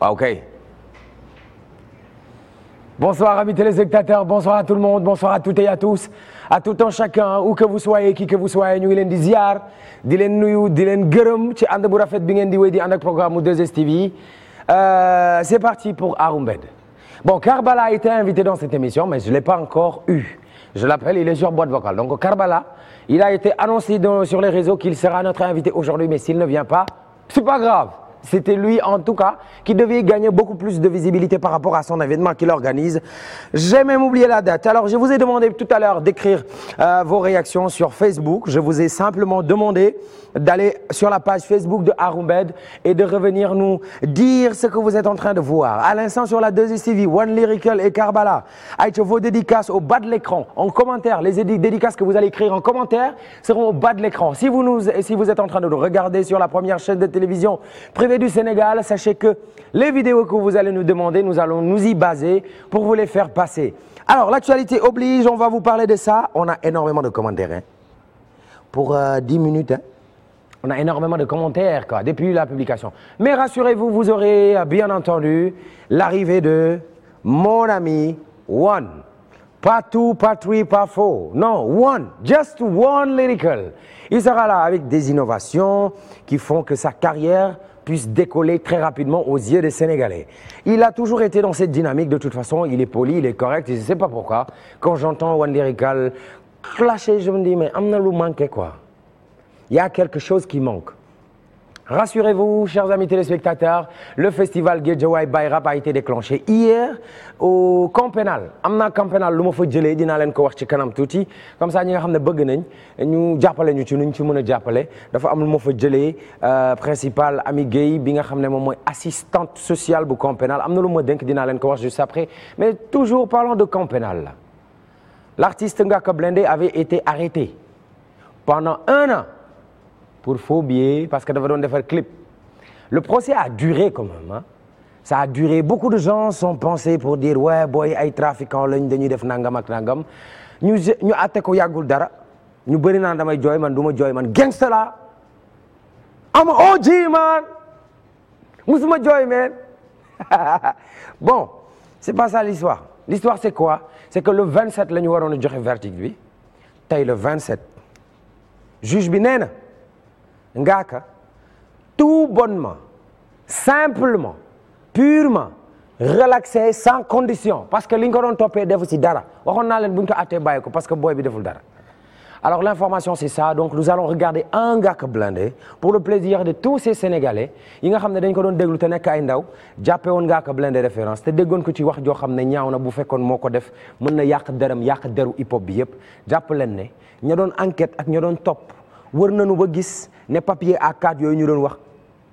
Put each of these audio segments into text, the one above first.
waaw ah, kay bonsoir amis téléspectateurs bonsoir à tout le monde bonsoir à toutes et à tous à tout un chacun où que vous soyez qui que vous soyez ñu ngi leen di ziar di leen nuyu di leen gërëm ci ànd bu rafet bi ngeen di wéy di ànd ak programme mu 2STV euh, c'est parti pour Arru Mbed bon Karbala a été invité dans cette émission mais je l'ai pas encore eu je l'appelle il est sur boîte vocale donc Karbala il a été annoncé sur les réseaux qu'il sera notre invité C'était lui en tout cas qui devait gagner beaucoup plus de visibilité par rapport à son événement qu'il organise. J'ai même oublié la date. Alors je vous ai demandé tout à l'heure d'écrire euh, vos réactions sur Facebook. Je vous ai simplement demandé d'aller sur la page Facebook de Haroumbed et de revenir nous dire ce que vous êtes en train de voir. À l'instant sur la 2 de l'écran, en de l'écran. Si vous êtes en train de nous regarder sur la première aurez du Sénégal, sachez que les vidéos que vous allez nous demander, nous allons nous y baser pour vous les faire passer. Alors, l'actualité oblige, on va vous parler de ça. On a énormément de commentaires, Pour euh, minutes, On a énormément de commentaires, depuis la publication. Mais rassurez-vous, vous aurez bien entendu l'arrivée de mon ami One. Pas two, pas three, pas Non, one. Just one lyrical. Il sera là avec des innovations qui font que sa puisse décoller très rapidement aux yeux des Sénégalais. Il a toujours été dans cette dynamique, de toute façon, il est poli, il est correct, je ne sais pas pourquoi. Quand j'entends Wanderikal clasher, je me dis, mais am na lu manqué quoi. Il y a quelque chose qui manque. Rassurez-vous, chers amis téléspectateurs, le festival Guédiawaye Baye Rap a été déclenché hier au camp pénal am naa camp pénal lu ma fa jëlee dinaa leen ko wax ci kanam tuuti comme ça ñi nga xam ne bëgg nañ ñu jàppale ñu ci nuñ ci mën a jàppale dafa am fa jëlee euh, principal Ami Guèye bi nga xam ne moom mooy assistante sociale bu camp pénal am na lu ma dénk dinaa leen ko wax juste après mais toujours parlons de camp pénal l'artiste Ngaaka Blindé avait été arrêté pendant un an pour faux billets parce que dafa doon defar clip le procès a duré quand même hein? ça a duré beaucoup de gens sont pensés pour dire ouais booy ay trafiquants lañ dañuy def nangam ak nangam ñu ñu àtte ko yàggul dara ñu bëri naan damay jooy man du jooy man gangster laa am OG man musuma jooy man bon c'est pas ça l'histoire l'histoire c'est quoi c'est que le 27 la ñu waroon a joxe verdict bi tey le 27 juge bi nee na Ngaaka tout bonnement simplement purement relaxé sans condition parce que li ñu ko doon toppee defu ci dara waxoon naa leen bu ñu ko àttee ko parce que booy bi deful dara alors l'information c'est ça donc nous allons regarder un Ngaaka Blindé pour le plaisir de tous ces sénégalais yi nga xam ne dañ ko doon déglu te nekk ay ndaw jàppe woon Ngaaka Blindé référence te déggoon ko ci wax joo xam ne ñaaw na bu fekkoon moo ko def mën na yàq deram yàq deru hip hop bi yépp jàpp leen ne ña doon enquête ak ña topp wër nañu ba gis ne papier A4 yooyu ñu doon wax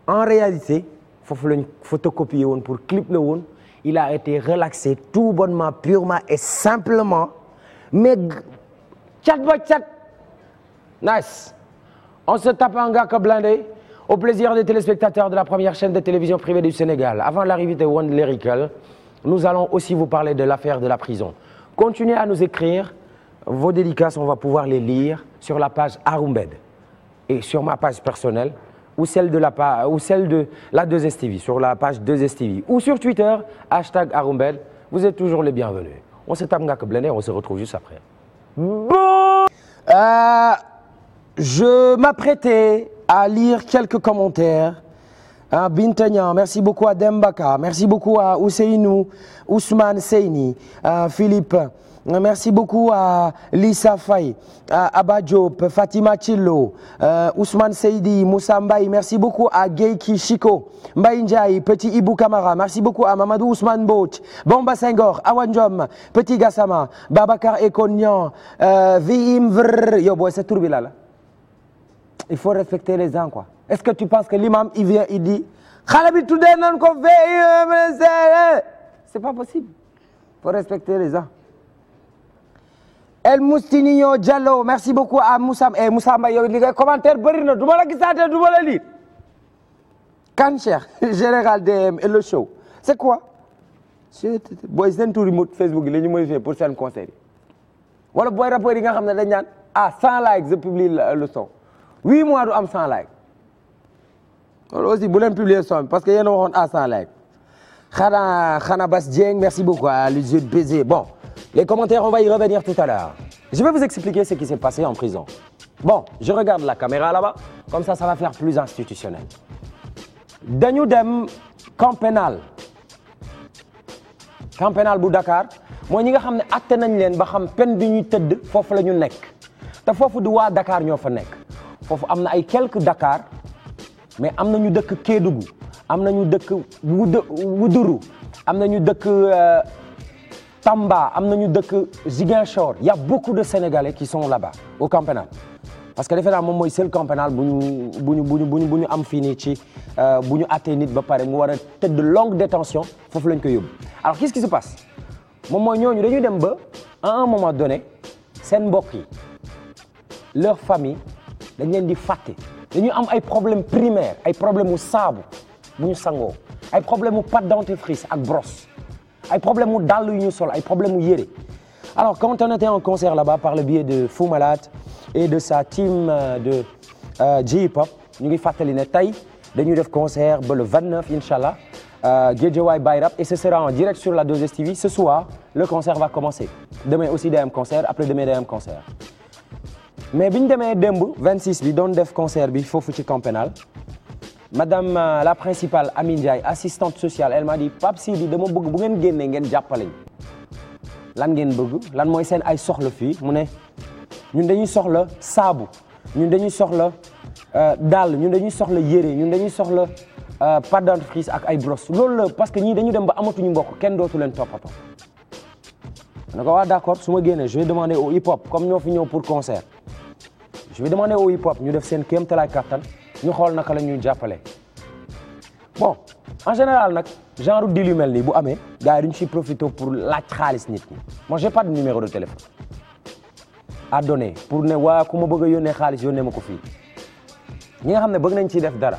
en réalité foofu lañ photocopier woon pour clip la woon il a été relaxé tout bonnement purement et simplement mais cat ba cat nice on se tape en gaka blindé au plaisir des téléspectateurs de la première chaîne de télévision privée du Sénégal avant l'arrivée de One Lyrical nous allons aussi vous parler de l'affaire de la prison continuez à nous écrire vos dédicaces on va pouvoir les lire sur la page Aroumbed et sur ma page personnelle ou celle de la page ou celle de la 2STV sur la page 2STV ou sur Twitter hashtag Aroumbel vous êtes toujours les bienvenus on se tape Ngaaka on se retrouve juste après. Euh, je m'apprêtais à lire quelques commentaires. Ah Binta merci beaucoup à Dembaka merci beaucoup à Ousseynou Ousmane Seyni euh, Philippe. Euh, merci beaucoup à Lisa Faye, à Abba Diop, Fatima Chillo, euh, Seydi, Moussa Mbaye. Merci beaucoup à Geiki Chiko, Mbaye Ndiaye, Petit Ibou Kamara. Merci beaucoup à Mamadou Ousmane Boch, Bomba Senghor, Awanjom, Petit Gassama, Babacar Ekonyan, euh, Vihim Vr. Yo boy, c'est tourbillard là. Il faut respecter les gens quoi. Est-ce que tu penses que l'imam il vient il dit xale bi tuddee nan ko Vihim eh? C'est pas possible. Il faut respecter les gens. El Moustinio Diallo merci beaucoup à Moussa et eh, Moussa Mbaye ngay commentaire bëri na du ma la gisaatee du ma la lire. Kan Cheikh général DM et le show c' est quoi. booy seen tur yi Facebook yi la ñu modifié pour seen concert wala booy rappeurs yi nga xam ne dañ naan ah 100 likes je publie le son 8 mois du am 100 likes. loolu aussi bu leen publier son parce que yéen a waxoon ah 100 likes xanaa xanaa Bas Dieng merci beaucoup à l' baiser bon. Les commentaires, on va y revenir tout à l'heure. Je vais vous expliquer ce qui s'est passé en prison. je regarde la caméra là-bas, comme ça, ça va faire plus institutionnel. dañu dem camp pénal bu Dakar mooy ñi nga xam ne atte nañ leen ba xam peine bi ñuy tëdd foofu la ñu nekk te foofu du waa Dakar ñoo fa nekk foofu am na ay quelques Dakar mais am na ñu dëkk Kédougou am na ñu dëkk Wuduru am na ñu dëkk. Euh, Tamba am nañu dëkk Ziguinchor y' a beaucoup de Sénégalais qui son là-bas au camp parce que defe naa moom mooy seul camp pénal bu ñu bu ñu bu ñu bu ñu am fii nii ci euh, bu ñu àttee nit ba pare mu war a tëdd longue détention foofu lañ koy yóbbu alors qu'est-ce qui se passe moom mooy ñooñu dañuy dem ba à un moment donné seen mbokk yi leur famille dañ leen di fàtte dañuy am ay problèmes primaires ay problèmes mu saabu bu ñu sangoo ay problèmes mu pâte dentifrice ak brosse. ay problème mu dàll yu sol ay problème mu yére alors quand on était en concert là-bas par le biais de Fou Malade et de euh, euh, ñu ngi fàttali ne tey dañuy def concert ba le 29 incha allah Guédiawaye Baye Rap et ce sera en direct la 2STV ce soir le concert va commencer demain aussi day am concert après mais bi ñu demee démb 26 bi doon def concert bi foofu ci camp madame euh, la principale Amine Ndiaye assistante sociale di m'a dit Pape dama bëgg bu ngeen génnee ngeen jàppale lan ngeen bëgg lan mooy seen ay soxla fii mu ne ñun dañuy soxla saabu ñun dañuy soxla euh, daal ñu dañuy soxla yére ñun dañuy soxla euh, pâte dentifrice ak ay brosse loolu la parce que ñii dañu dem ba amatuñu mbokk kenn dootu leen toppatoo. na ko waa ah, d'accord su ma génnee je vais demander au hip hop comme ñoo fi ñëw pour concert je vais demander au hip hop ñu def seen kéemtalaay kattan. ñu xool naka la ñuy jàppale bon en général nag genre di lu mel nii bu amee gars yi ci profité pour laaj xaalis nit ñi moi j'ai pas de numéro de téléphone à pour ne waa ku ma bëgg a yónnee xaalis yónnee ma ko fii ñi nga xam ne bëgg nañ ciy def dara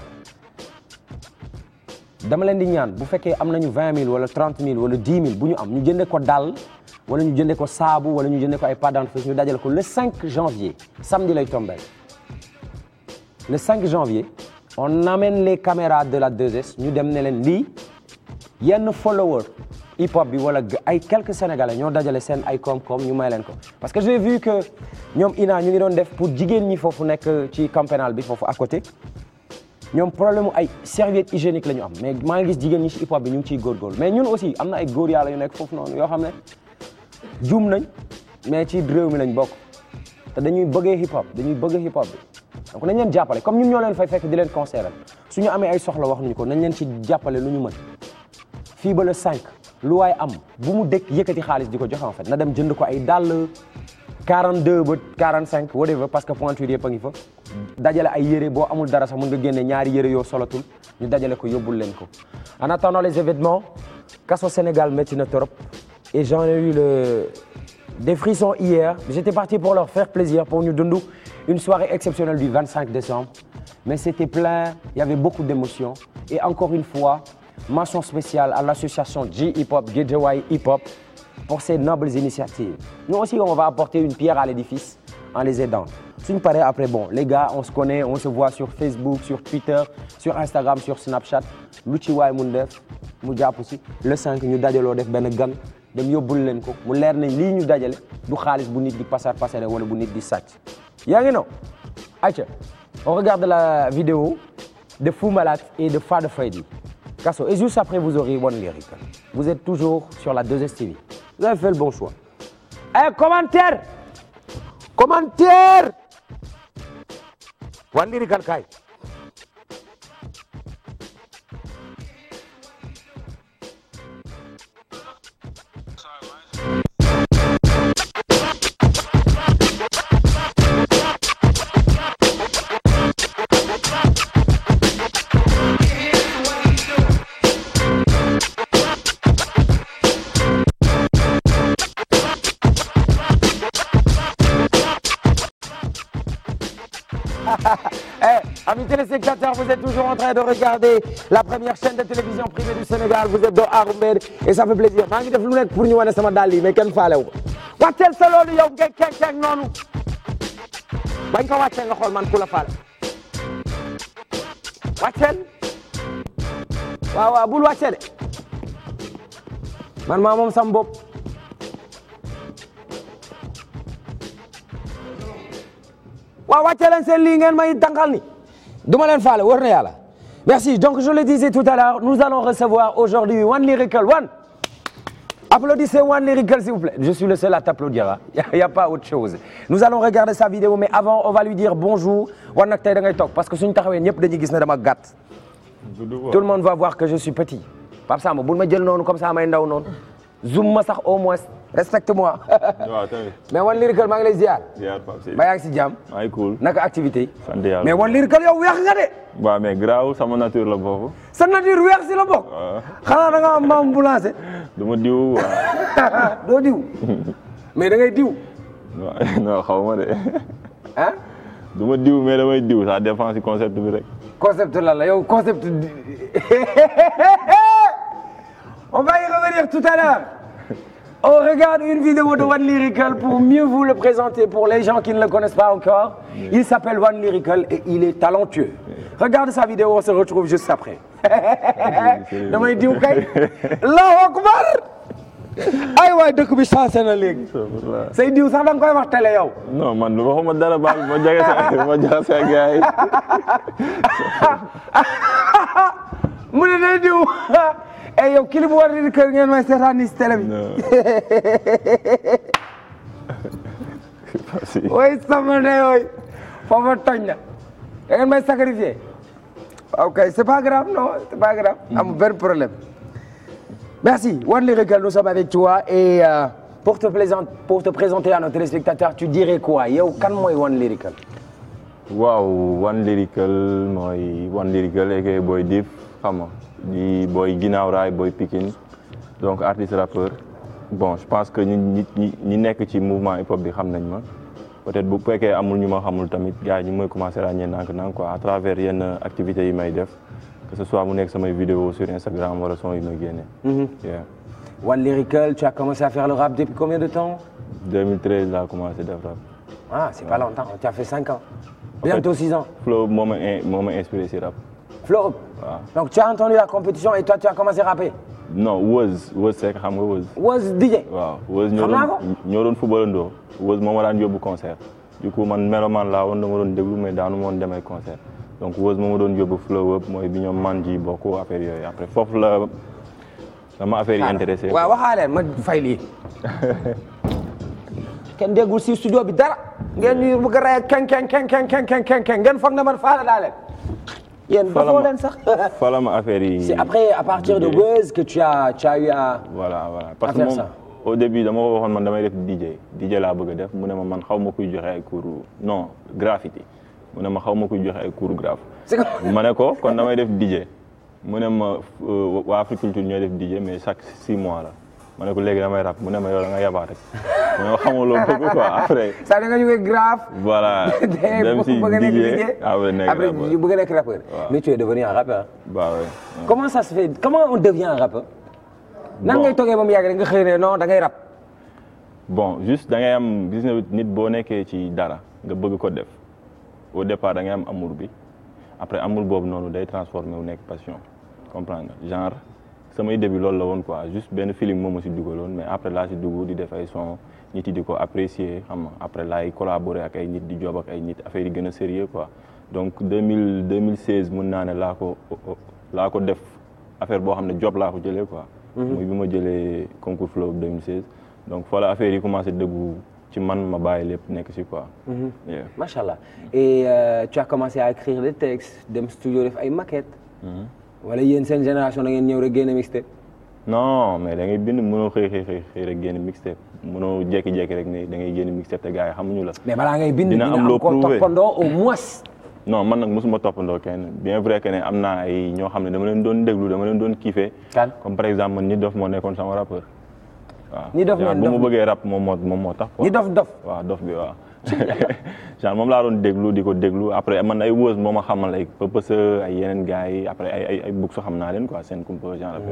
dama leen di ñaan bu fekkee am nañu vingt mille wala trente mille wala dix mille bu ñu am ñu jënde ko dal wala ñu jënde ko saabu wala ñu jënde ko ay pâtes dentifrice ñu dajale ko le 5 janvier samedi lay tombé le 5 janvier on amène les caméras de la 2S ñu dem ne leen lii yenn follower hip hop bi wala ay quelques sénégalais ñoo dajale seen ay koom-koom ñu may leen ko parce que j'ai vu que ñoom ina ñu ngi doon def pour jigéen ñi foofu nekk ci camp pénal bi foofu a côté ñoom problème ay serviette hygiénique la ñu am mais maa ngi gis jigéen ñi ci hip hop bi ñu ngi ciy góorgóorlu mais ñun aussi am na ay góor yàlla yu nekk foofu noonu yoo xam ne juum nañ mais ci réew mi lañ bokk te dañuy bëggee hip hop dañuy bëgg hip hop bi donc nañ leen jàppale comme ñun ñoo leen fay fekk di leen conseillé suñu amee ay soxla wax nuñu ko nañ leen ci jàppale lu ñu mën fii ba le 5 lu waaye am bu mu dekk yëkkati xaalis di ko joxe en fait na dem jënd ko ay dàll 42 ba 45 whatever parce que pointure yëpp a ngi fa dajale ay yére boo amul dara sax mun nga génne ñaari yére yoo solatul ñu dajale ko yóbbul leen ko en attendant les événements kaso Sénégal métti na trop et j'en ai des frissons hier j'étais parti pour leur faire plaisir pour ñu dund une soirée exceptionnelle du 25 décembre mais c'était plein il y avait beaucoup d'émotions et encore une à l'association J Hip Hop Guédiawaye Hip Hop pour ces nobles initiatives nous aussi on va apporter après bon les on on se voit sur Facebook sur lu ci waay mun mu jàpp si le 5 ñu dajaloo def benn gan dem yóbbul leen ko mu leer nañ lii ñu dajale du xaalis bu nit di pasar pasare wala bu nit di sàcc yaa ngi naw aca on regarde la vidéo de Fou Malade et de Fada Freddy Kasso et juste après vous aurez One Lyrique vous êtes toujours sur la 2STV vous avez fait le commentaire commentaire One Lyrique kaay téléspectateurs, vous êtes toujours en train de regarder la première chaîne de télévision privée du Sénégal vous êtes dans Arru Mbed et ça fait plaisir maa ngi def lu nekk pour ñu wane sama dàll yi mais kenn faale wu ko wàcceel sa loolu yow ngay keng keng noonu bañ ko wàccee nga xool man ku la faale wàcceel waaw waaw bul wàccee de man maa moom sam bopp waaw wàccee leen seen lii ngeen may dangal ni du leen faale war na yàlla merci donc je le disais tout à l'heure nous allons recevoir aujourd'hui One Lyrical One applaudissez One Lyrical s'il vous plaît je suis le seul à t'applaudir ah a pas autre chose nous allons regarder sa vidéo mais avant on va lui dire bonjour One nag tey da ngay parce que suñu taxawee ñëpp dañuy gis ne dama gàtt tout le monde va voir que je suis petit Pape Samba bul ma jël noonu comme ça may ndaw noonu zoom ma sax au moins respecte moi. waaw tamit mais One Lyrical maa ngi lay ziar. ziar Pape Seye ba yaa ngi si jàmm. maa naka activité yi. sant yàlla mais One Lyrical nga de. waaw mais graaw sama nature la bokk. sa nature weex si la bokk. waaw xanaa da ngaa am diw doo diw mais da ngay diw. non xaw ma de. ah. du ma diw mais damay diw ça dépend si concept bi rek. concept lan la concept. on va y revenir tout à l'heure On oh, regarde une vidéo de One Lyrical pour mieux vous le présenter pour les gens qui ne le connaissent pas encore. Il s'appelle One Lyrical et il est talentueux. Regarde sa vidéo, on se retrouve juste après. damay diw kay. Allahu akbar. ay waay dëkk bi changé na léegi. say diw sax da nga koy wax télé yow. non man waxuma dara baal ma jege sa ma jaxase ak gars yi. mu ne day diw. eh yow kii li mu war a kër ngeen may seetaan nii si télé bi. way sama ne yooyu foofa toj na da ngeen may sacrifié ok c' est pas grave non c' est pas grave mm. amul benn problème merci Wan Lyrical gars nous sommes avec toi et euh, pour te présenter pour te présenter à nos téléspectateurs tu dirais quoi yow kan mooy Wan Lyrical waaw Wan Lyrical mooy Wan Lyrical aka Boy Dip xam nga di booy ginnaaw raay booy Pikine donc artiste rappeur bon je pense que ñu ñi ñi nekk ci mouvement hip hop bi xam nañ ma peut-être bu fekkee amul ñu ma xamul tamit gars yi ñu may commencé ràññee nank nank quoi à travers yenn activités yi may def que ce soit mu nekk samay vidéo sur Instagram wala son yi may génne. Mhm. One Lyrical tu as commencé à faire le rap depuis combien de temps. 2013 laa commencé def rap. ah c'est pas longtemps tu as fait cinq ans. bientôt six ans. Flo moo ma moo ma inspiré si Flo Hop. waaw donc tu as entendu la compétition et toi tu xam nga Woz. waaw Woz ñoo doon ñoo doon footballandoo. Woz moom moo daan yóbbu concert. du coup man melomaan laa woon dama doon déglu mais daanu ma woon dem concert donc Woz moo ma doon yóbbu Flow Up mooy bi ñoom man ji bokk affaire yooyu après foofu la sama affaire yi intéressé. waaw waxaale ma fay lii. kenn déggul si studio bi dara. ngeen ñu bëgg a rey ken ken ken ken ken ken ken ngeen foog na man faala daale. yéen bafoo sax fala ma affaire yi. c'est après à partir de Buzz que tu as tu voilà voilà parce que moom au début dama ko waxoon man damay def DJ DJ laa bëgg a def mu ne ma man xaw ma kuy joxe ay cours non graffiti mu ne ma xaw ma kuy joxe ay cours graphe. ma ne ko kon damay def DJ mu ne ma euh, waa agriculture ñooy def DJ mais chaque six mois la. ma ne ko léegi damay rap mu ne ma yow da nga yabaa rek ma ne xamul loo bëgg quoi après. saa da nga jógee grave. voilà dem si bëgg a nekk rappeur. waaw mais tu es a un rappeur. waaw comment ça se fait comment on devient un rappeur. yàgg rek nga xëy ne da ngay rap. bon juste da ngay am gis nit boo nekkee ci dara nga bëgg ko def au départ da ngay am amour bi après amour boobu noonu day transformé wu nekk passion comprendre genre. samay début lool la woon quoi juste benn feeling moom ma si dugaloon mais après laa si dugg di def ay son nit yi di ko apprécier xam nga après laay ak ay nit di job ak ay nit affaire gën a sérieux quoi donc 2000 2016 mën naa ne laa ko laa ko def affaire boo xam ne job laa ko jëlee quoi. Mhm. muy bi ma jëlee concours flow 2016 donc voilà affaire yi commencé dëggu ci man ma bàyyi lépp nekk si quoi. Mhm. macha allah et euh, tu as commencé à écrire des textes dem studio def ay maquettes. Mhm. wala yéen seen génération da ngeen ñëw rek génne mixtape. non mais da ngay bind mënoo xëy xëy xëy rek génne mixtape mënoo jékki-jékki rek ne da ngay génne mixtape te gars xam xamuñu la. mais balaa ngay bind dina o loo prouvé toppandoo au moins. non man nag mosuma toppandoo kenn bien vrai que ne am naa ay ñoo xam ne dama leen doon déglu dama leen doon kiifee. kan comme par exemple man ñi dof moo nekkoon sama rappeur. ñi dof man dof waaw bu bëggee rap moom moo moom moo tax. ñi dof dof waaw dof bi waaw. genre moom laa doon déglu di ko déglu après man ay wóos moo ma xamal ay pëpës ay yeneen gars après ay ay ay bug xam naa leen quoi seen kumpa genre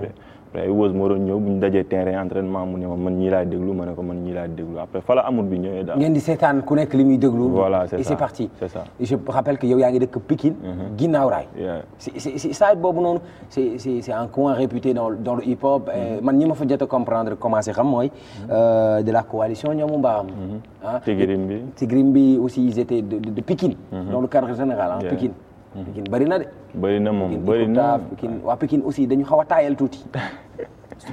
après Wose moo doon ñëw bu ñu dajee terrain entraînement mu ne ma man ñii laay déglu ma ne ko man ñii laay après fa la bi ñëwee daal. ngeen di seetaan ku nekk li muy déglu. voilà parti. c' est ça je rappelle que yow yaa ngi dëkk Pikine. Mm-hmm. raay. si boobu noonu c' est c' est réputé dans le hip hop. Mm-hmm. man ñi ma fa jot a comprendre commencé mooy. Mm-hmm. Euh, de la coalition ñoomu mbaam. ah Tigrim bi Tigrim bi aussi ils étaient de de dans le cadre général ah Pikine. Pikine na bëri na moom bëri na Pikine waa Pikine aussi dañu xaw a taayal tuuti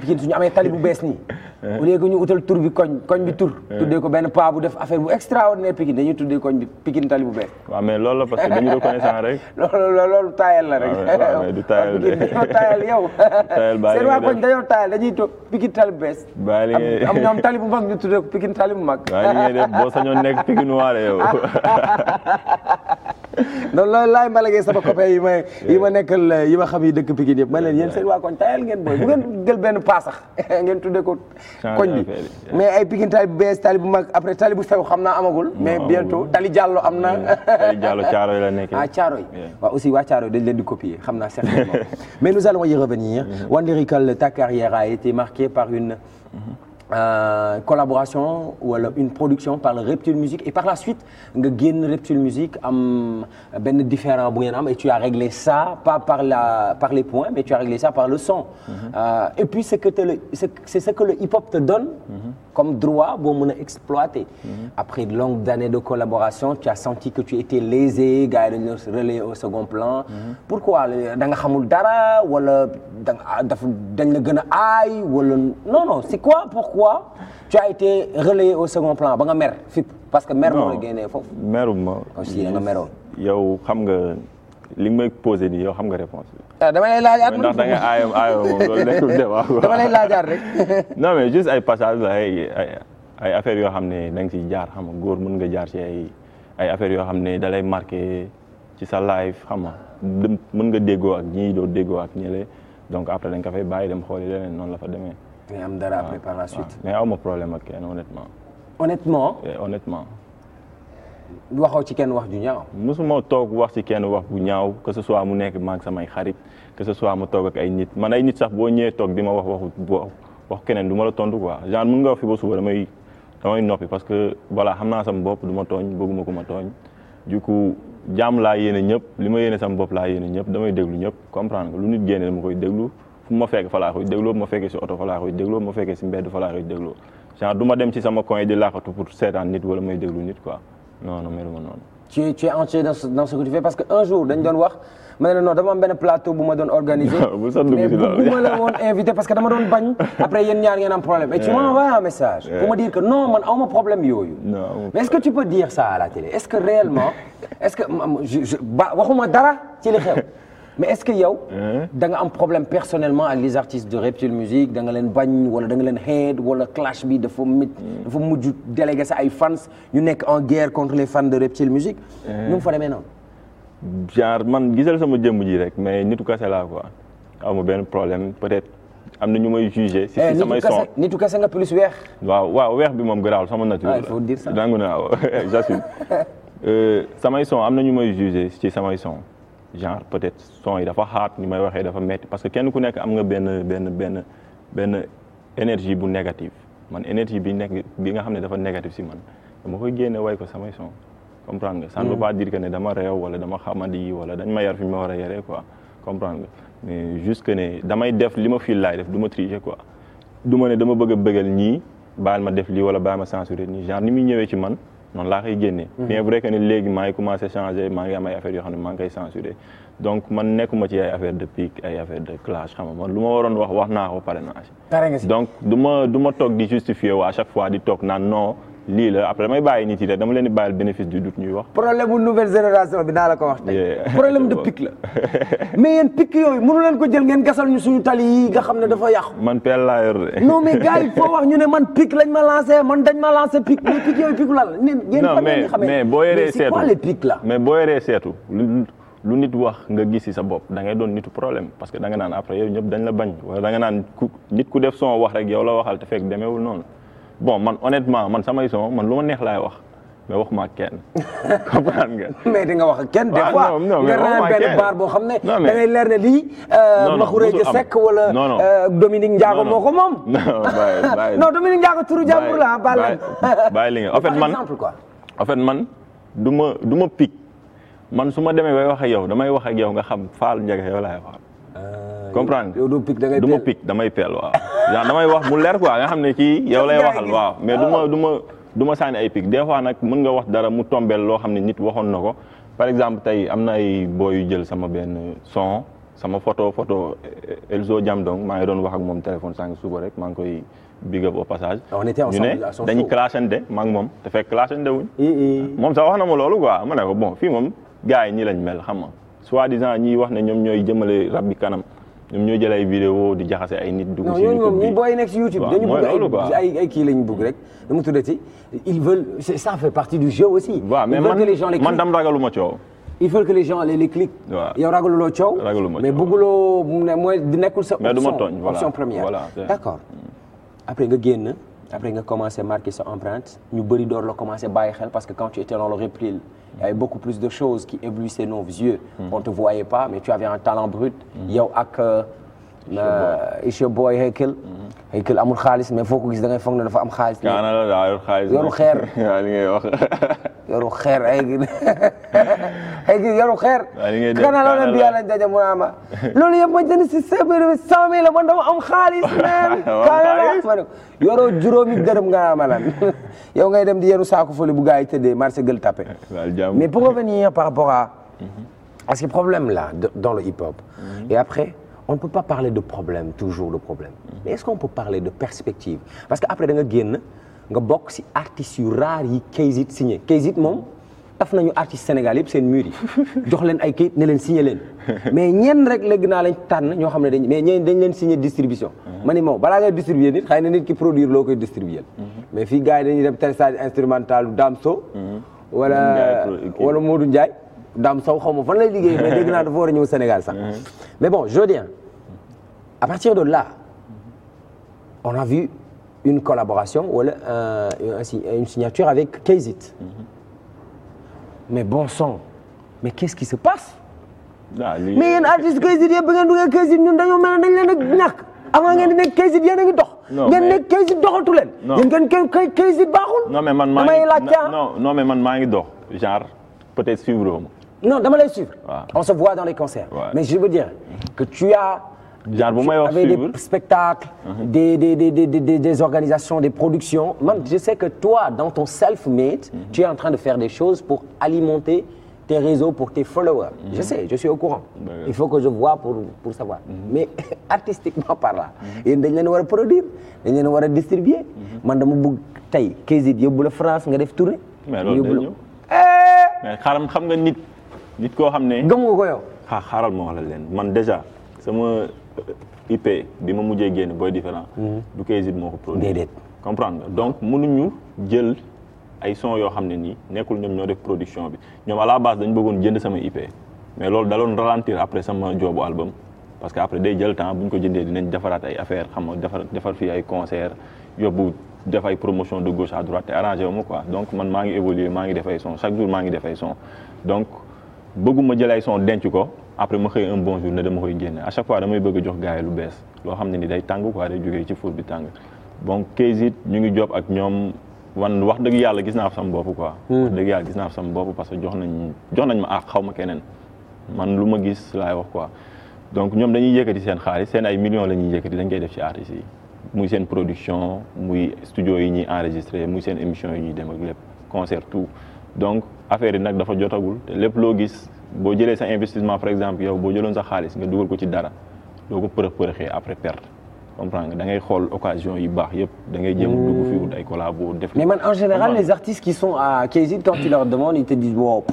Pikine suñu amee tali bu bees nii au ñu utal tur bi koñ bi tur eh. ko benn paa bu def affaire bu extraordinaire Pikine dañuy tuddee koñ bi Pikine tali bu bees waaw mais loolu la parce que dañu reconnaissant rek loolu loolu taayal la rek ah, mais du taayal de dañoo bu bees baali am tali bu mag ñu tuddee tali bu mag waaye li ngay def boo sañoon nekk non loolu laay mbalagee sama copain yi ma yi ma yi ma xam yi dëkk Pikine yëpp ma leen yéen seen waa koñ tayal ngeen booy bu ngeen jël benn paa sax ngeen tuddee ko koñ bi mais ay Pikine tali bu bees tali bu mag après tali bu sew xam naa amagul mais bientôt tali jàllo am na tali jàllo caaro yi la nekkee ah caaro yi waaw aussi waa caaro yi dañ leen di copier xam naa certainement mais nous allons y revenir One mm-hmm. Lyrical ta carrière a été marquée par une mm-hmm. Euh, collaboration wala une production par le Reptile Musique et par la suite nga génn Reptile Musique am benn différent bu ngeen am et tu as réglé ça pas par la par les points mais tu as réglé ça par le son. Mm -hmm. euh, et puis c'est que te le c'est ce que le hip-hop te donne. Mm -hmm. comme droit boo mën a exploiter. Mm-hmm. après longue année de collaboration tu a senti que tu étais lésé gars yi dañu relayé au second plan. Mm-hmm. pourquoi da nga dara wala da ah, dafa dañ la a aay wala non non c'est quoi pourquoi tu as été relayé au second plan ba nga mer. parce que mer moo la génnee foofu. meruma aussi da nga meroon. yow xam nga. li nga may nii yow xam nga réponse bi. ah dama lay laajaat ndax da nga aayam aayam moom loolu nekkul débat quoi. rek. non mais juste ay passage la ay ay affaires yoo xam ne da nga ciy jaar xam nga góor mën nga jaar ci ay ay affaires yoo xam ne da lay marqué ci sa life xam nga mën nga déggoo ak ñii doo déggoo ak ñële donc après dañ ko fay bàyyi dem xooli leneen noonu la fa demee. mais am dara après ah, par la ah. suite. mais aw ma problème ak kenn honnêtement. honnêtement. Eh, honnêtement. waxoo ci kenn wax ju ñaaw. suma toog wax ci kenn wax bu ñaaw que ce soit mu nekk maag samay xarit que ce soit mu toog ak ay nit man ay nit sax boo ñëwee toog di ma wax waxu boo wax keneen du la tontu quoi genre mun nga wax fi ba suba damay damay noppi parce que voilà xam naa sama bopp du ma tooñ bëgguma ko ma tooñ du coup jaam laa yéene ñëpp li ma yéene sama bopp laa yéene ñëpp damay déglu ñëpp comprendre nga lu nit génne déglu fu ma fekk fa laa koy dégloo bu ma fekkee si oto fa laa koy dégloo bu ma dem ci sama coin di laaxatu pour seetaan nit wala may déglu nit quoi non non meluma noonu. tu es tu es entier dans ce dans ce que tu fais parce que un jour dañ doon wax ma ne la non dama am benn plateau bu ma doon organisé. bu sax dugg si la mais bu ma la woon invité parce que dama doon bañ. après yéen ñaar ngeen am problème. et tu m'envoies un message. pour me dire que non man aw ma problème yooyu. mais est-ce que tu peux dire ça à la télé est-ce que réellement est-ce que ba waxuma dara ci li xew. mais est-ce que yow. da nga am problème personnellement ak les artistes de Reptile Musique da nga leen bañ wala da nga leen xeet wala clash bi dafa mit hmm. dafa mujj délégué sa ay fans ñu nekk en guerre contre les fans de Reptile Musique. nu mu fa demee noonu. genre man gisal sama jëmm ji rek mais nitu kase laa quoi amu benn problème peut-être am na ñu may jugé. Eh, si samay son nitu kase nga plus weex. waaw bi moom garaawul sama nature. Ah, il faut dire ça nangu naa j'assume euh, samay son am na ñu may jugé ci samay son. genre peut-être son yi dafa xaat ni may waxee dafa metti parce que kenn ku nekk am nga benn benn benn benn énergie bu négative man énergie bi nekk bi nga xam ne dafa négative si man dama koy génne way ko samay son comprendre nga ça ne veut mm. pas dire que ne dama réew wala dama xamadi wala dañ ma yar fi ma war a yaree quoi comprendre nga mais juste que ne damay def li ma fii laay def du ma tricher quoi du ma ne dama bëgg bëggal ñii baal ma def lii wala baal ma censurer nii ni muy ñëwee ci man noonu laa koy génnee. Mm-hmm. bien vrai que ne léegi maa ngi commencé changé maa ngi am ay affaires yoo xam ne maa ngi koy censuré donc man nekkuma ci ay affaire de pique ay affaire de clash xam nga lu ma waroon wax wax naa ko pare naa si. donc du ma du ma toog di justifier wu à chaque fois di toog naan non. lii la après may bàyyi nit yi dama leen di bàyyil bénéfice du doute ñuy wax. problème bu nouvelle génération bi naa la ko wax tey. problème de pic la. mais yéen pic yooyu mënu leen ko jël ngeen gasal ñu suñu tali nga xam ne dafa yàqu. man peel ñu ne man pic lañ ma lancé man dañ ma la. nit yéen fan la ñuy xamee boo yeree seetu mais pic mais boo yoree seetu lu nit wax nga gis ci sa bopp da ngay doon nitu problème parce que da nga naan après yow ñëpp dañ la bañ wala da nga naan nit ku def son wax rek yow la waxal te fekk demeewul noonu bon man honnêtement man samay son man lu ma neex laay wax mais waxuma ak kenn comprendre nga. di nga wax ak kenn. des ah, fois nga ren benn baar boo xam ne. da leer ne lii. Euh, non wala. Euh, Dominique Ndiago moo ko moom. non bàyyi non Dominique Ndiago turu la ah. bàyyi bàyyi li nga man du ma du ma pic man su ma demee bay wax ak yow damay wax ak yow nga xam Fall Ndiaga yow laay wax. Euh. comprendre yow doo da ngay du ma picc damay peel waaw. genre damay wax mu leer quoi nga xam ne kii yow lay waxal waaw mais du ma ma du ay picc des fois nag mën nga wax dara mu tombeel loo xam ne nit waxoon na ko par exemple tey am na ay booy yu jël sama benn son sama photo photo eh, Elzo Jamdong maa ngi doon wax ak moom téléphone sànq suba rek maa ngi koy big up au passage. Ah, ñu ne dañuy clashante maa ngi moom te fekk clashante wuñ. moom sax wax na ma loolu quoi ma ne ko bon fii moom gars yi ñi lañ mel xam nga soi-disant ñiy wax ne ñoom ñooy jëmale rab kanam. ñoom ñoo jël ay di jaxase ay nit. dugg ci YouTube bi non booy nekk ci YouTube. dañu bëgg ay ay kii lañu bugg rek. nu mu tuddati ils veulent ça fait partie du jeu aussi. waaw man man dam ragaluma coow. il faut que les gens les les cliquent. waaw yow ragaluloo coow. ragaluma mais bëgguloo mu ne mooy nekkul sa. option mais du ma tooñ voilà option première d'accord nga génn. après nga commencé marquer sa empreinte ñu bëri door la commencé bàyyi xel parce que quand tu étais dans le Répril il y avait beaucoup plus de choses qui éblouissaient nos yeux hmm. on te voyait pas mais tu avais un talent brut hmm. yow ak euh, Isha Boy Heykel. Mhm. Heykel amul xaalis mais foo ko gis da ngay foog ne dafa am xaalis. kaana la daa yor xaalis. yoru xeer waaw li ngay wax. yoru xeer Heykel Heykel yoru xeer. waaw li ngay def kaana la kaana la bi yàlla daje mu ama. loolu yëpp ma jënd si cent mille la man dama am xaalis. kaana la ma ne yoroo juróomi dërëm nga ama lan yow ngay dem di yenu saako fële bu gars yi tëddee marché Gueule Tapée. mais pour revenir par rapport à. parce mhm. que problème là dans le hip hop. Mhm. et après. on ne peut pas parler de problème toujours de problème est-ce qu'on peut parler de perspective parce que après da nga génn nga bokk ci artistes yu raar yi Keizit signé Keizit moom taf nañu artiste Sénégal yëpp seen mur jox leen ay kayit ne leen signé leen mais ñenn rek léegi naa lañ tànn ñoo xam ne dañ mais ñeen dañ leen signé distribution mm-hmm. ma ni moom balaa ngay distribuer nit xëy na nit ki produire loo koy distribuer mm-hmm. mais fii gars yi dañuy dem testage instrumental Damso wala mm-hmm. wala Modou Ndiaye Dame Sow xaw ma fan lay liggéey mais dégg naa dafa war a ñëw Sénégal sax. Mhm. mais bon je à partir de là on a vu une collaboration wala euh, un, une signature avec Keizit. Mhm. mais bon sang mais qu'est-ce qui se passe. Ah, lui... mais yéen artistes Keizit yëpp ba ngeen duggee Keizit ñun dañoo mel dañ leen a ñàkk. avant ngeen di nekk Keizit yéen a ngi dox. non mais ngeen mais man maa ngi ah. non mais man maa ngi dox genre peut-être suivre ma. non dama lay suivre. on se voit dans les concerts. mais je veux dire que tu as. genre bu may wax suivre uh-huh. des spectacles. des des des des des organisations des productions. man je sais que toi dans ton self-made. Uh-huh. tu es en train de faire des choses pour alimenter. tes réseaux pour tes followers. Mm -hmm. je sais je suis au courant. il faut que je vois pour pour savoir. Mm -hmm. mais artistiquement parlant. yéen dañ leen war a produire dañ leen war a distribuer. man dama bëgg tey Kézit yóbbu la France nga def tournée. mais loolu day ñëw yóbbu eh! la mais xaaral xam nga nit. nit koo xam ne. gëm nga ko yow. ah xaaral ma wax la leen man déjà sama euh, IP bi ma mujjee génn booy différent. Mhm. du ko hésite moo ko produit. déedéet comprendre nga donc mënuñu jël ay son yoo xam ne nii nekkul ñoom ñoo def production bi ñoom à la base dañu bëggoon jënd sama IP mais loolu daloon ralentir après sama joobu album. parce que après day jël temps bu ñu ko jëndee dinañ defaraat ay affaire xam nga defar defar fii ay concert yóbbu def ay promotion de gauche a droite te arrangé ko ma quoi donc man maa ngi évoluer maa ngi def ay son chaque jour maa ngi defay ay son bëgguma jël ay son denc ko après ma xëy un bon jour ne dama koy génne à chaque fois damay bëgg jox gars lu bees loo xam ne ni day tàng quoi day jógee ci fóot bi tàng bon Kayz it ñu ngi job ak ñoom wan wax dëgg yàlla gis naa fa sama bopp quoi. Hmm. wax dëgg yàlla naa fa sama bopp que jox nañ jox nañ ma àq xaw ma keneen man lu ma gis laay wax quoi donc ñoom dañuy yëkkati seen xaalis seen ay millions la ñuy yëkkati dañ koy def ci artistes yi muy seen production muy studio yi ñuy enregistré muy seen émission yi ñuy dem ak lépp concert tout affaire yi nag dafa jotagul te lépp loo gis boo jëlee sa investissement par exemple yow boo jëloon sa xaalis nga dugal ko ci dara doo ko përëx përëxee après perte comprends nga da ngay xool occasion yu baax yëpp da ngay jéem dugg fi wut ay collabo def mais man en général les artistes qui sont à euh, Kézid quand tu leur demandes ils te disent wow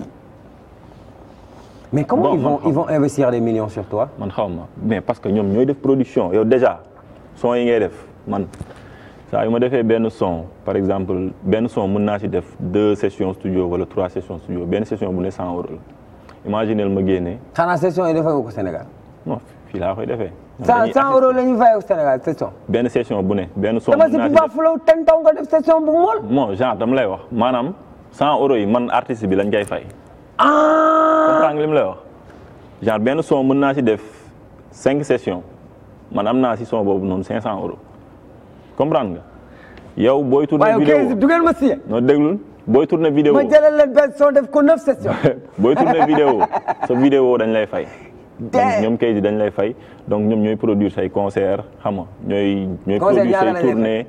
mais comment bon, ils vont ils investir des millions sur toi man xaw ma mais parce que ñoom ñooy def production yow déjà son yi ngay def man saa yu ma defee benn son par exemple benn son mën naa ci def deux sessions studio wala trois sessions studio benn session bu ne cent euros la imaginel ma génne. xanaa session yi defee ko Sénégal. non laa koy defee. cent cent euros benn session bu ne benn son. mën naa si def flow ten taw nga def session bu dama lay wax maanaam cent euros yi man artiste bi lañ koy fay. Ah! comprends nga lay wax. genre benn son mën naa si def cinq sessions man am naa si son boobu noonu cinq cent euros. comprendre nga. yow booy tourné vidéo waaye du ngeen ma siyee. non déglul booy tourné vidéo ma jëlal leen benn son def sa vidéo dañ lay fay. dee ñoom kay dañ lay fay donc ñoom ñooy produit say concert xam nga ñooy. ñooy produire say tournée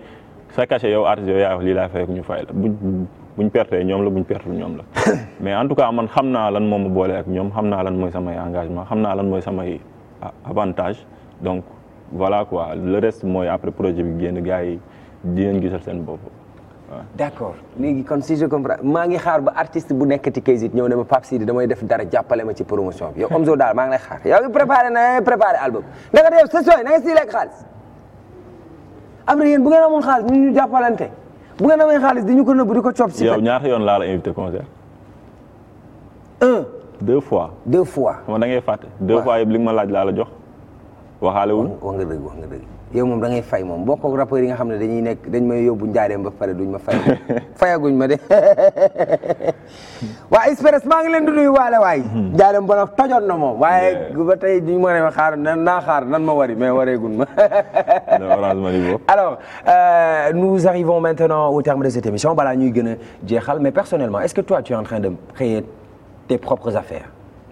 sa cachet yow artiste yow lii laa fay ñu fay la buñ buñ pertee ñoom la buñ pertul ñoom la. mais en tout cas man xam naa lan moom ma boole ak ñoom xam naa lan mooy samay engagement xam naa lan mooy samay ah, avantage donc. voilà quoi le reste mooy après projet bi génn gars yi dinañ gisal seen bopp waaw. d'accord léegi kon si je maa ngi xaar ba artist bu nekk ti Keizit ñëw ne ma Pape Sidi def dara jàppale ma ci promotion bi yow Omzo daal maa ngi lay xaar yow préparé na préparé album da nga def session na lekk xaalis après yéen bu ngeen amoon xaalis ñu jàppalante bu ngeen amee xaalis di ñu ko na di ko copp si. yow ñaata yoon laal la invité concert. un. deux fois. deux fois. xam da ngay fàtte. deux fois yëpp li nga ma laaj laa la jox. waxaale wuñ wax nga dëgg wax nga dëgg moom da ngay fay moom boo ko rappeurs xam ne dañuy nekk dañ may yóbbu njaareem ba pare duñ ma fay fayaguñ ma de waa espérance maa ngi leen di nuyu waale waay hmm. njaareem ba nag na moom waaye ba tey duñ ma ne xaar nan naa xaar nan ma wari mais wareegun ma alors euh, nous arrivons maintenant au terme de cette émission balaa ñuy gën a jeexal mais personnellement est-ce que toi tu es en train de créer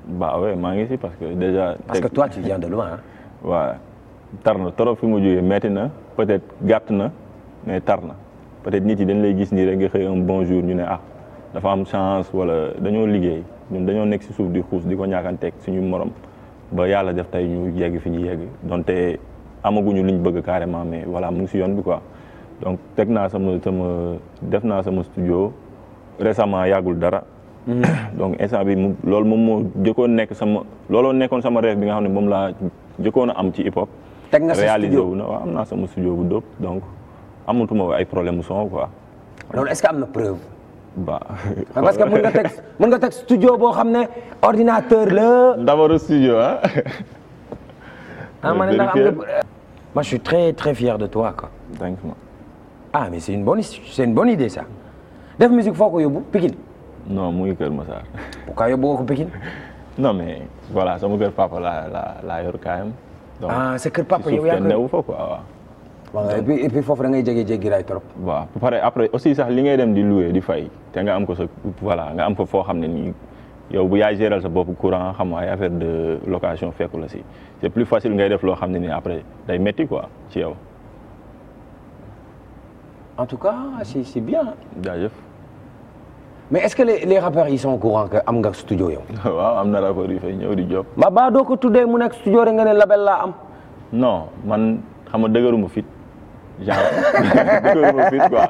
maa ngi si parce que que toi tu viens de loin voilà tar na trop fi mu jógee metti na peut-être gàtt na mais tar na peut-être nit yi dañ lay gis nii rek nga xëy un bon jour ñu ne ah dafa am chance wala dañoo liggéey ñun dañoo nekk si suuf di xuus di ko ñaakanteeg suñu morom ba yàlla def tey ñu yegg fi ñu yegg donte amaguñu liñ bëgg carrément mais voilà mu ngi si yoon bi quoi donc teg naa sama sama def naa sama studio récemment yàggul dara. Mm-hmm. donc instant bi mu loolu moom moo jëkkoon nekk sama looloo nekkoon sama rêve bi nga xam ne moom laa. njëkkoon a am ci hip hop. teg nga réalisé wu na waaw am naa sama studio bu dóob donc amatuma ay problème mu son quoi. loolu est-ce que am na preuve. ba parce que mën nga teg mën nga studio boo xam ne ordinateur la. d'abord studio ah. ah man ndax am nga. moi je suis très de ah, c'est une bonne idée ça. def musique foo ko yóbbu Pikine. non muy Kër Massar. bu ko yóbbu ko Pikine. non mais voilà sama kër papa la yor kaayam. donc ah sa kër papa yow yaa newu fa quoi waaw. foofu da ngay jege jéggi raay trop. waaw ba pare après aussi sax li ngay dem di louer di fay te nga am ko sa voilà nga am ko foo xam ne nii yow bu yaa géral sa bopp courant xam ay affaire de location fekku la si c'est plus facile ngay def loo xam ne nii après day metti quoi ci yow. en tout cas c'est bien. jaajëf. mais est-ce que les les rappeurs yi sont au courant que am nga studio yow. waaw am na rappeurs yu ñëw di job ba ba doo ko tuddee mu nekk studio rek nga ne label laa am. non man xam nga dëgëruma fit genre fit quoi.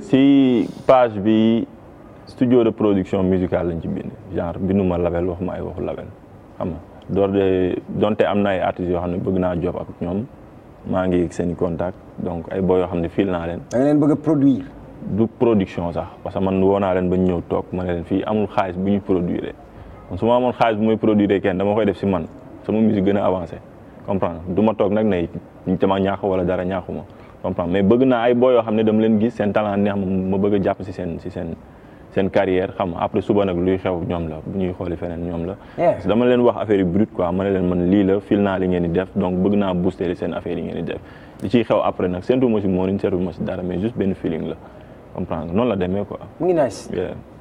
si page bi studio de production musicale lañ ci bind genre binduma label waxuma ay waxu label xam nga door donte am na ay artistes yoo xam ne bëgg naa job ak ñoom. maa ngi seen i contact donc ay boo yoo xam ne fil naa leen. da nga leen bëgg a produire. du production sax parce que man woo naa leen ba ñu ñëw toog ma ne leen fii amul xaalis bu ñu produire man su ma amoon xaalis bu muy produire kenn dama koy def si man sama musique gën a avancé comprendre du ma toog nag ne dama ñaax wala dara ñaaxuma comprendre mais bëgg naa ay boo yoo xam ne dama leen gis seen talent neex ma bëgg jàpp si seen si seen. seen carrière xam après suba nag luy xew ñoom la bu ñuy xooli feneen ñoom la dama leen wax affaire brute quoi ma ne leen man lii la fil naa li ngeen di def donc bëgg naa booster seen affaire yi ngeen def li ciy xew après nag seentuma si moo niñ seetuma si dara mais juste benn feeling la comprendre noonu la demee quoi mu ngi nice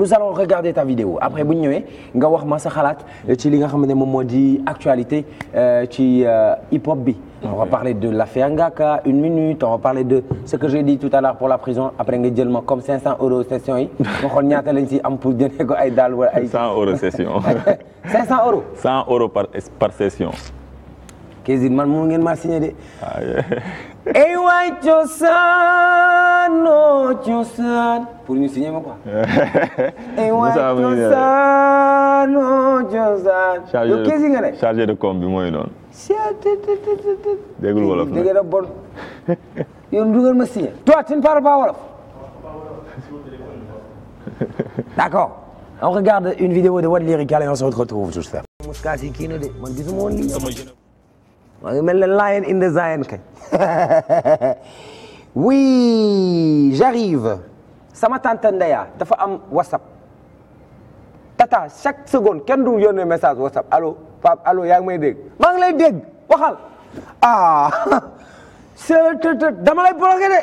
nous allons regarder ta vidéo après bu ñu ñëwee nga wax ma xalaat ci li nga xam moo di actualité euh, ci euh, hip hop bi. on va parler de l'affaire Ngaka une minute on va parler de ce que j'ai dit tout à l'heure pour la prison après nga jël ma comme 500 euros session yi nga xool lañ ci am pour jëndee ko ay daal wala ay. 100 euros session. 500 euros. par par session. Kézit man moom ngeen maa signé de. ay waay cosaan. no cosaan pour ñu signé ma quoi. Moussa muy ne yow kees yi nga ne. chargé de com bi mooy noonu. déggul wolof nag dégg na bon yow dugal ma signé. toi tu ne parles pas wolof. d'accord. on regarde une vidéo de Watt Lyrical et on se retrouve juste là. Moussa si kii na de man gisuma woon lii. maa ngi mel ne lion in the zion kay. oui j'arrive sama tante dafa am whatsapp tata chaque seconde kenn du yónnee message whatsapp allo Pape allo yaa ngi may dégg maa lay dégg waxal ah c'est dama lay bloqué de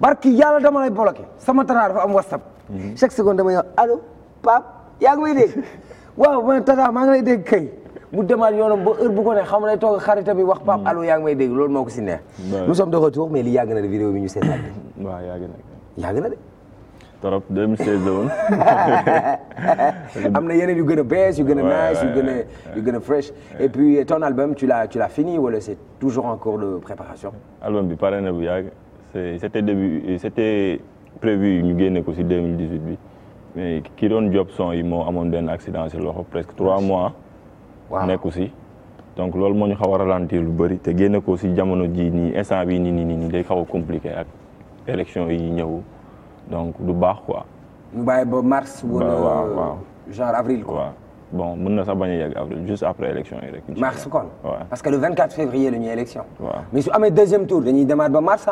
barki yàlla dama lay sama tata dafa am whatsapp mhm. chaque seconde dama ñëw allo Pape yaa ngi may waaw man tata maa ngi lay dégg kay. mu demaat yoonam ba heure bu ko ne xam ne toog xarita bi wax Pape mm. Allo yaa ngi may dégg loolu moo ko si neex. nous sommes de retour mais li yàgg na de vidéo bi ñu seetaat bi. na de. torop 2016 la am na yeneen yu gën a bees yu gën a nice yu gën a yu gën a fresh et puis euh, ton album tu l'as fini wala c'est toujours en cours de préparation. album bi pare na bu yàgg c'était début c'était prévu ñu génne ku si 2018 bi mais ki doon job son yi moo amoon benn accident si loxo presque trois mois. nekku si donc loolu moo xa xaw a ralentir lu bëri te génne ko si jamono ji nii instant bi ni nii nii day xaw a compliqué ak élection yi ñëw donc lu baax quoi. ñu bàyyi ba mars. wala waaw waaw genre avril quoi. waaw bon mën na sax bañ a yegg avril juste après élection yi rek. mars kon parce que le 24 février la ñuy élection. waaw su deuxième tour dañuy demaat ba mars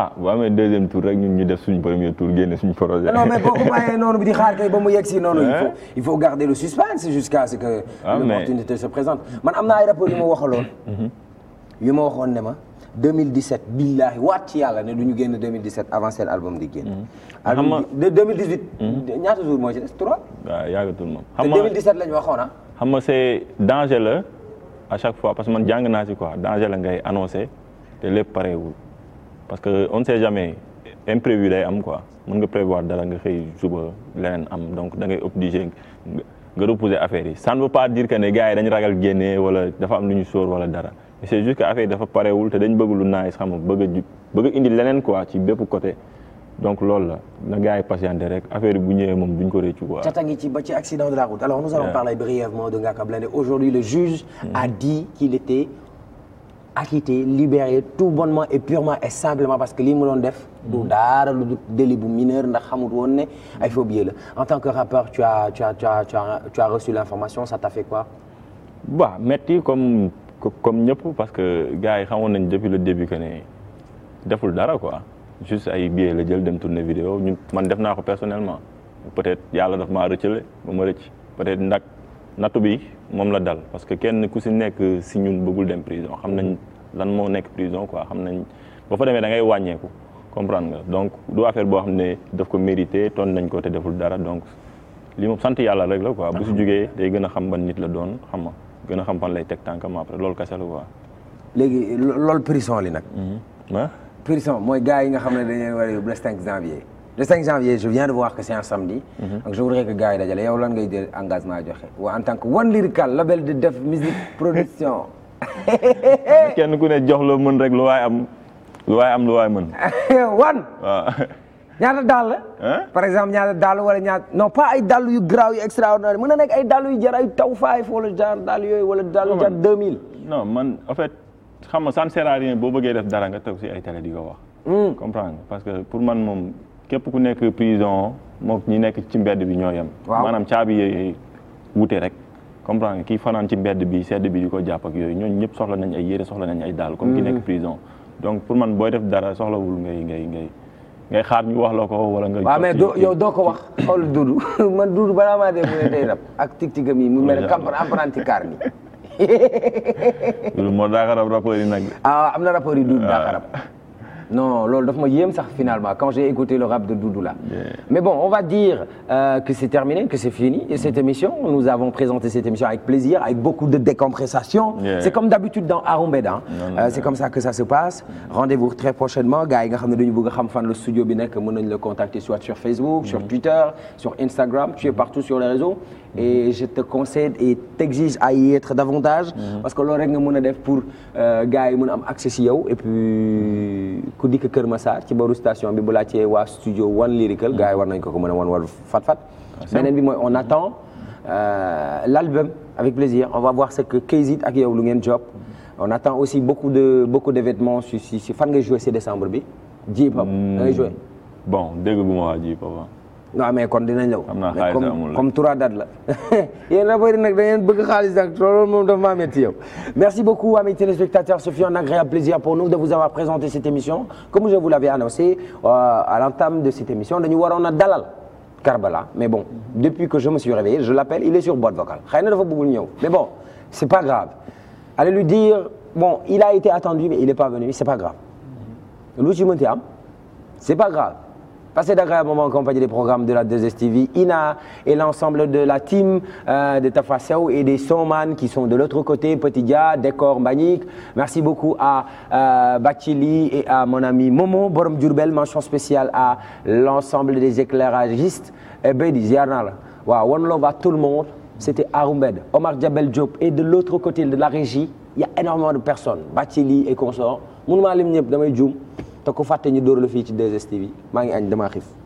ah bu amee deuxième tour rek ñu def suñu premier tour génne suñu projet. non mais kooku bàyyee noonu bi di xaar kay ba mu yegg si noonu. il faut il faut garder le suspense jusqu'à ce que. l'opportunité ah, se présente man am na ay yu ma waxaloon. Mhm. yu ma waxoon ne ma 2017 billahi waat ci yàlla ne du ñu génn 2017 avant seen album di génn. Mhm. xam nga de 2018. Mhm. ñaata jours ci des 3. waaw yàggatul moom. xam nga te 2017 lañ waxoon ah. xam nga danger la à chaque fois parce que man jàng naa si ko danger la ngay annoncé te lépp pareewul. parce que on ne sait jamais imprévu day am quoi mën nga prévoir dara nga xëy suba leneen am donc da ngay obligé nga repousser affaire yi ça ne veut pas dire que ne gars yi dañ ragal génne wala dafa am lu ñu sóor wala dara mais c'est juste que affaire yi dafa parewul te dañ bëgg lu nice xam bëgg a indi leneen quoi ci bépp coté donc loolu la na gars yi patienté rek affaire bu ñëwee moom duñ ko réccu quoi. catangi ci ci accident de la route alors nous parler brièvement de Ngaaka Blindé aujourd'hui mm. a acquitté libéré tout bonnement et purement et simplement parce que lii mu doon def du mm. dara lu délit bu mineur ndax xamut woon ne ay mm. phobie la en tant que rappeur tu as tu as tu as tu as l'information ça t'a fait quoi waaw metti comme comme ñëpp parce que gars yi xamoon nañ depuis le début que ne deful dara quoi juste ay billets la jël dem tourner vidéo ñun man def naa ko personnellement peut-être yàlla daf ma rëccale ba ma rëcc peut-être ndax nattu moom la dal parce que kenn ku si nekk si ñun bëggul dem prison xam nañ lan moo nekk prison quoi xam nañ boo fa demee da ngay wàññeeku comprendre nga donc du affaire boo xam ne daf ko mérité ton nañ ko te deful dara donc li moom sant yàlla rek la quoi bu si jógee day gën a xam ba nit la doon xam nga gën a xam fan lay teg tànkam après loolu kese la quoi. léegi loolu prison li nag. ah. prison mooy gars yi nga xam ne dañu leen war a yóbbu janvier. le cinq janvier je viens de voir que c'est un samedi. Mhm. donc je voudrais que gars yi dajale yow lan ngay jël engagement joxe waa en tant que One Lyrical label de def musique production. kenn ku ne jox loo mën rek lu waay am lu waay am lu waay mën. wan. waaw. ñaata daal la. par exemple ñaata daal wala ñaata non pas ay dàll yu graw yu extraordinaire mën na nekk ay dàll yu jar ay taw five wala genre dàll yooyu wala dàll yu jar non man en fait xam nga ça ne boo bëggee def dara nga toog si ay télé di ko wax. Hmm. képp ku nekk prison mook ñi nekk ci mbedd bi ñoo yem maanaam caabi yooy wute rek comprendre nga kii fanaan ci mbedd bi sedd bi di ko jàpp ak yooyu ñooñu ñëpp soxla nañ ay yére soxla nañ ay daal comme ki mm-hmm. nekk prison donc pour man booy def dara soxlawul ngay ngay ngay ngay xaar mi wax la ko wala nga. waaw mais doo yow doo ko wax xool Dudu man Dudu balaa maa dee mu ne day rab ak tigtigam yi mu mel ne apprenti car ni. Dudu moo daaka rab rapport yi nag. ah am na rapport yi Dudu daaka rab. Ah. non loolu daf ma yéem sax finalement quand j'ai écouté le rap de Doudou là yeah. mais bon on va dire euh, que c'est terminé que c'est fini et cette émission nous avons présenté cette émission avec plaisir avec beaucoup de décompressation yeah. c'est comme d'habitude dans Arru Mbed hein euh, c'est comme ça que ça se passe rendez-vous très prochainement gars yi nga xam ne dañu bëgg a xam fan le studio bi nekk mën nañ le contacter soit sur Facebook mm. sur Twitter sur Instagram tu es partout sur les réseaux et je te conseille et t'exige à y être davantage. Mhm. parce que loolu rek nga mën a def pour euh, gars yi mën a am accès si yow ku dikk Kër Massar ci boru station bi bu laajtee waa studio One Lyrical gars yi war nañ ko ko mën a wan wal fat fat beneen bi mooy on attend euh, l'album avec plaisir on va voir ce que Kayzit ak yow lu ngeen job on attend aussi beaucoup de beaucoup d'événements si si fan ngay jouer si décembre bi. ji papa hmm. ngay jouer. bon dégg bu ma no amee kon dina ñëw. am na xaalis amul comme trois dates la. yéen a bëri nag da ngeen bëgg xaalis nag loolu moom dafa maa métti yow. merci beaucoup amis téléspectateurs ce fut un agréable plaisir pour nous de vous avoir présenté cette émission comme je vous l'avais annoncé euh, à l'entame de cette émission dañu waroon a dalal. Karbala mais bon depuis que je me suis réveillé je l'appelle il est sur boîte vocale xëy na dafa bëggul ñëw mais bon c'est pas grave allez lui dire bon il a été attendu mais il est pas venu c'est pas grave lu ci mënti am c'est pas grave. Passez d'agréables moments en compagnie des programmes de la 2STV, INA et l'ensemble de la team euh, de Tafaseo et des Soman qui sont de l'autre côté, Petidia, Décor, Mbagnick. Merci beaucoup à euh, Bachili et à mon ami Momo Borom Diourbel. Mention spéciale à l'ensemble des éclairagistes. Et eh Bedi, Ziarnal. Wow, one love à tout le monde. C'était Arumbed, Omar Diabel Diop et de l'autre côté de la régie, il y a énormément de personnes. Bachili et consorts. Mounma Lim Nyep, Damay te ku fàtte ñu dóor la fii ci 2STV maa ngi añ damaa xiif